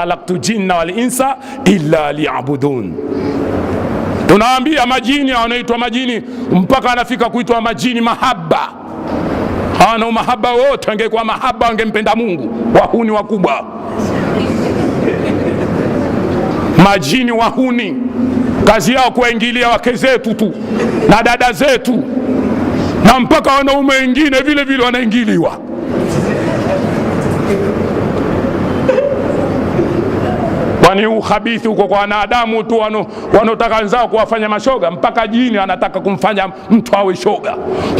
khalaqtu jinna wal insa illa liyabudun. Tunaambia majini wanaitwa majini mpaka anafika kuitwa majini mahaba, hawana mahaba wote. Angekuwa mahaba angempenda Mungu. Wahuni wakubwa, majini wahuni, kazi yao kuwaingilia wake zetu tu na dada zetu na mpaka wanaume wengine vile vile wanaingiliwa kwani uhabithi huko kwa wanadamu tu wanaotaka wenzao kuwafanya mashoga. Mpaka jini anataka kumfanya mtu awe shoga.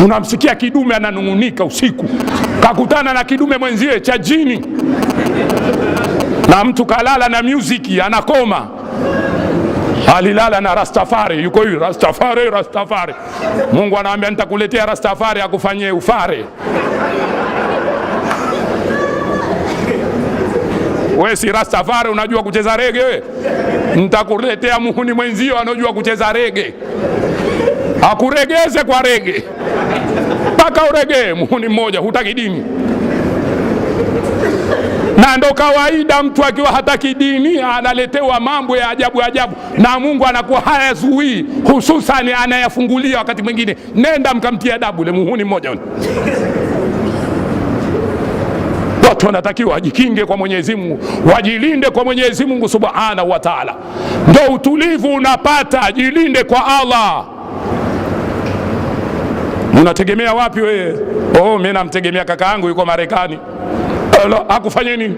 Unamsikia kidume ananung'unika usiku, kakutana na kidume mwenzie cha jini, na mtu kalala na muziki anakoma alilala na Rastafari, yuko hivi Rastafari, Rastafari. Mungu anawambia nitakuletea Rastafari akufanyie ufare. wewe si Rastafari unajua kucheza rege wewe? Ntakuletea muhuni mwenzio anajua kucheza rege, akuregeze kwa rege mpaka uregee. Muhuni mmoja hutaki dini, na ndo kawaida. Mtu akiwa hataki dini analetewa mambo ya ajabu ajabu, na Mungu anakuwa hayazuii, hususani anayafungulia wakati mwingine. Nenda mkamtia adabu le muhuni mmoja watu wanatakiwa wajikinge kwa Mwenyezi Mungu, wajilinde kwa Mwenyezi Mungu subhanahu wa taala. Ndo utulivu unapata. Jilinde kwa Allah. Unategemea wapi wewe? Oh, mimi namtegemea kaka yangu yuko Marekani. Akufanye nini?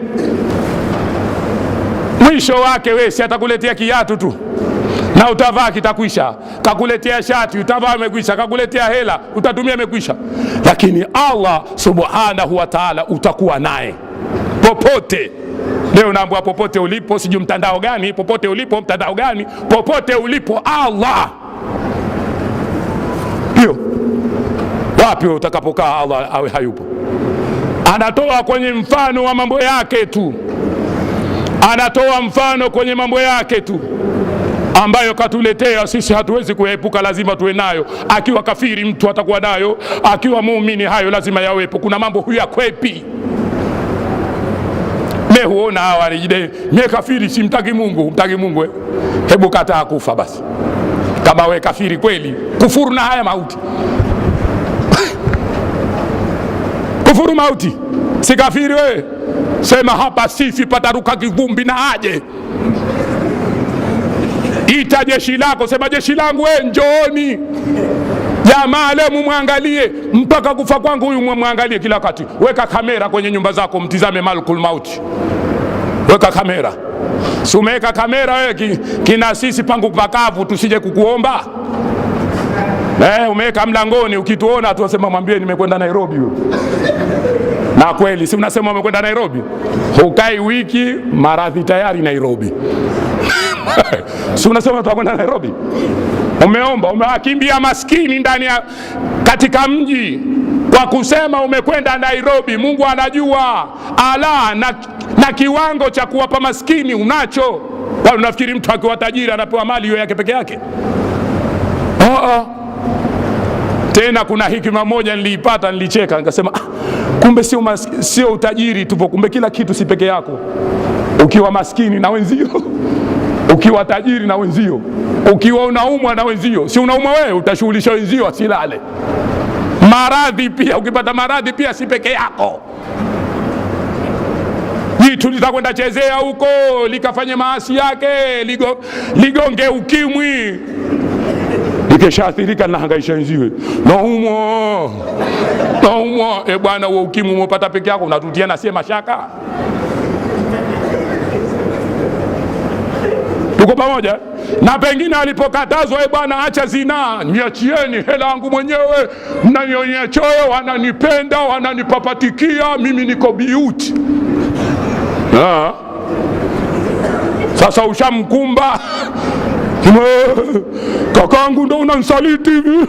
Mwisho wake wewe si atakuletea kiatu tu na utavaa kitakwisha, kakuletea shati utavaa, amekwisha, kakuletea hela utatumia, amekwisha lakini Allah subhanahu wa taala utakuwa naye popote. Leo naambua popote ulipo, sijui mtandao gani, popote ulipo mtandao gani, popote ulipo Allah hiyo wapi utakapokaa Allah awe hayupo. Anatoa kwenye mfano wa mambo yake tu, anatoa mfano kwenye mambo yake tu ambayo katuletea sisi, hatuwezi kuyaepuka, lazima tuwe nayo. Akiwa kafiri mtu atakuwa nayo, akiwa muumini hayo lazima yawepo. Kuna mambo huyakwepi. Me huona hawa nijide, me kafiri, simtaki Mungu. Mtaki Mungu eh? Hebu kataa kufa basi, kama we kafiri kweli. Kufuru na haya mauti kufuru mauti, si kafiri we? Sema hapa sisi pataruka kivumbi na aje ita jeshi lako, sema jeshi langu, we eh, njooni jamaa leo mumwangalie mpaka kufa kwangu, huyu mumwangalie kila wakati. Weka kamera kwenye nyumba zako, mtizame Malakul Mauti. Weka kamera, si umeweka kamera wewe eh, ki, kina sisi pangu pakavu, tusije kukuomba eh, umeweka mlangoni, ukituona tu wasema mwambie nimekwenda Nairobi huyo Na kweli si unasema umekwenda Nairobi, hukai wiki maradhi tayari Nairobi si unasema tutakwenda Nairobi, umeomba umewakimbia maskini ndani ya katika mji kwa kusema umekwenda Nairobi. Mungu anajua ala na, na kiwango cha kuwapa maskini unacho. Kwani unafikiri mtu akiwa tajiri anapewa mali hiyo yake peke yake? oh. tena kuna hikima moja niliipata, nilicheka nikasema, ah, kumbe sio sio utajiri tupo, kumbe kila kitu si peke yako, ukiwa maskini na wenzio ukiwa tajiri na wenzio, ukiwa unaumwa na wenzio, si unaumwa wewe, utashughulisha wenzio asilale. Maradhi pia, ukipata maradhi pia si peke yako jitu litakwenda chezea huko likafanye maasi yake ligo, ligonge ukimwi likishaathirika linahangaisha wenziwe, naumwa naumwa. E bwana, huo ukimwi umepata peke yako, unatutia nasie mashaka. tuko pamoja na pengine alipokatazwa, e bwana, acha zinaa, niachieni hela yangu mwenyewe, mnanionyea choyo, wananipenda wananipapatikia, mimi niko biuti. Sasa ushamkumba kakangu, ndo unamsaliti hivi,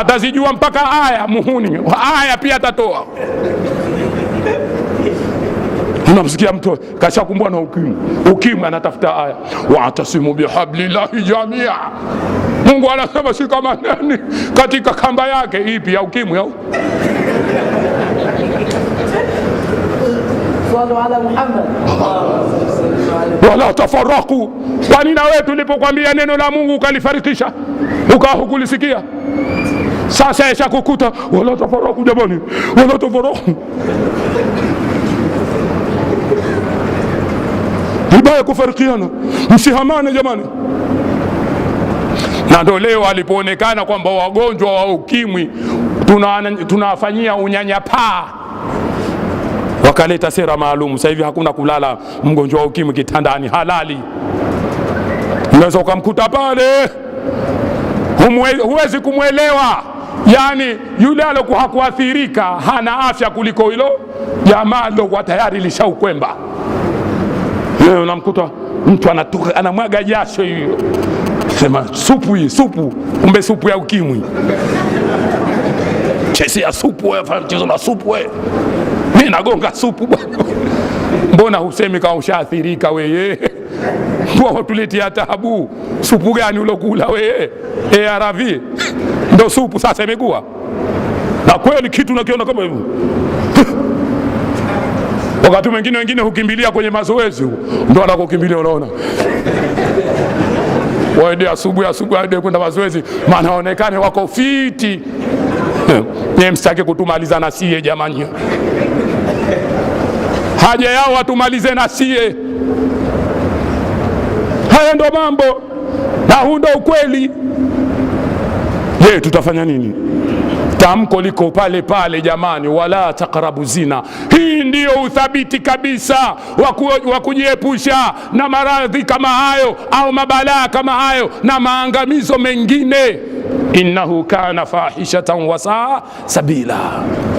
atazijua mpaka aya muhuni, aya pia atatoa Unamsikia mtu kashakumbwa na ukimwi, ukimwi anatafuta aya, waatasimu bihablillahi jamia. Mungu anasema shikamaneni katika kamba yake. Ipi ya ukimwi au wala tafaraku. Kwani na wewe tulipokwambia neno la Mungu ukalifarikisha ukawa hukulisikia? Sasa yashakukuta wala tafaraku, jamani, wala tafaraku vibaya kufarikiana, msihamane jamani. Na ndio leo alipoonekana kwamba wagonjwa wa ukimwi tunawafanyia tuna unyanyapaa wakaleta sera maalum. Sasa hivi hakuna kulala mgonjwa wa ukimwi kitandani, halali. Unaweza ukamkuta pale, huwezi kumwelewa. Yani yule alokuwa hakuathirika hana afya kuliko hilo jamaa lokuwa tayari lishaukwemba. Wewe unamkuta mtu anatoka anamwaga jasho hiyo, sema supu hii supu, kumbe supu ya ukimwi. ya supu wewe, fanya mchezo na supu wewe. Mimi nagonga supu bwana, mbona husemi kama ushaathirika wewe? Watuletea taabu. Supu gani ulokula wewe? ARV eh, ndo supu sasa imekuwa na kweli, kitu nakiona kama hivyo Wakati mwingine wengine hukimbilia kwenye mazoezi, huu ndo anakokimbilia unaona waende asubuhi asubuhi aende kwenda mazoezi, maana waonekane wako fiti. Ne msitaki kutumaliza na sie jamani, haja yao watumalize na sie. Haya ndo mambo na huu ndo ukweli. Je, tutafanya nini? Tamko liko pale pale, jamani, wala takrabu zina. Hii ndiyo uthabiti kabisa wa kujiepusha na maradhi kama hayo au mabalaa kama hayo na maangamizo mengine. Innahu kana fahishatan wasaa sabila.